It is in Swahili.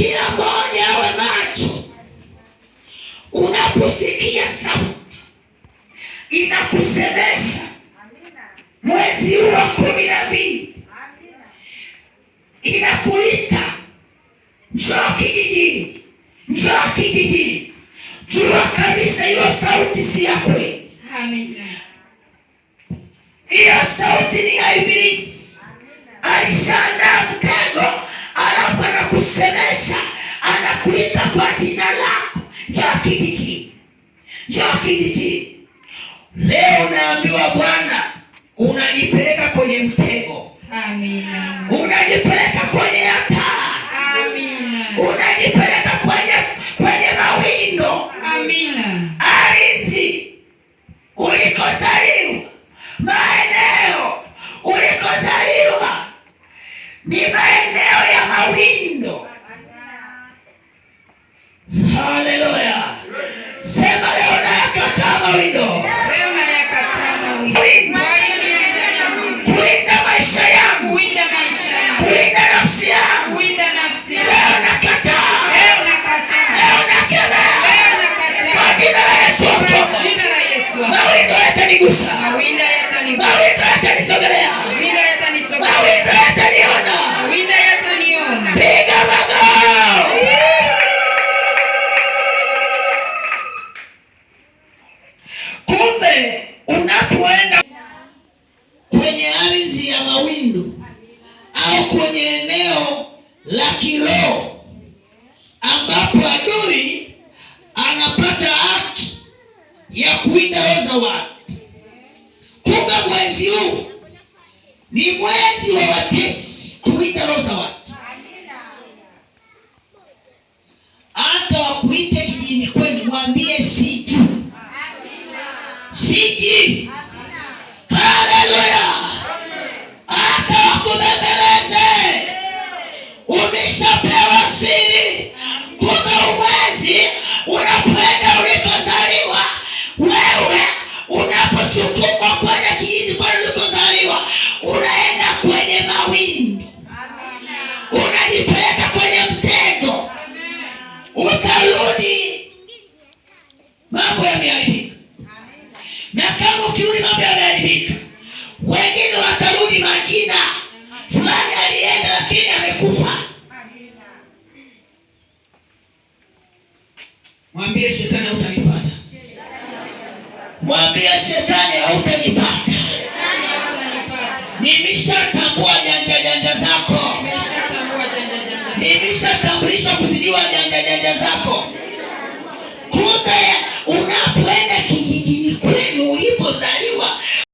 Kila mmoja awe macho. Unaposikia sauti inakusemesha, mwezi huu wa kumi na mbili inakulita njoo kijijini, njoo kijijini, jua kabisa hiyo sauti si ya kweli. Hiyo sauti ni ya Ibilisi, alishaandaa mtego kusemesha, anakuita kwa jina lako. Njoo kijiji, njoo kijiji. Leo naambiwa Bwana, unanipeleka kwenye mtego, unanipeleka kwenye hataa, unanipeleka kwenye kwenye mawindo. arizi ulikozaliwa, maeneo ulikozaliwa ni maeneo ya ma I know. unapoenda kwenye ardhi ya mawindo au kwenye eneo la kiroho ambapo adui anapata haki ya kuindaweza watu. Kumbe mwezi huu ni mwezi wa watesi kuita roho za watu. Hata wakuite kijijini kwenu, mwambie si unajipeleka kwenye mtego, utarudi mambo yameharibika. Na kama ukirudi mambo yameharibika, wengine watarudi majina fulani, alienda lakini amekufa. Mwambie shetani hautanipata, mwambie shetani hautanipata, nimeshatambua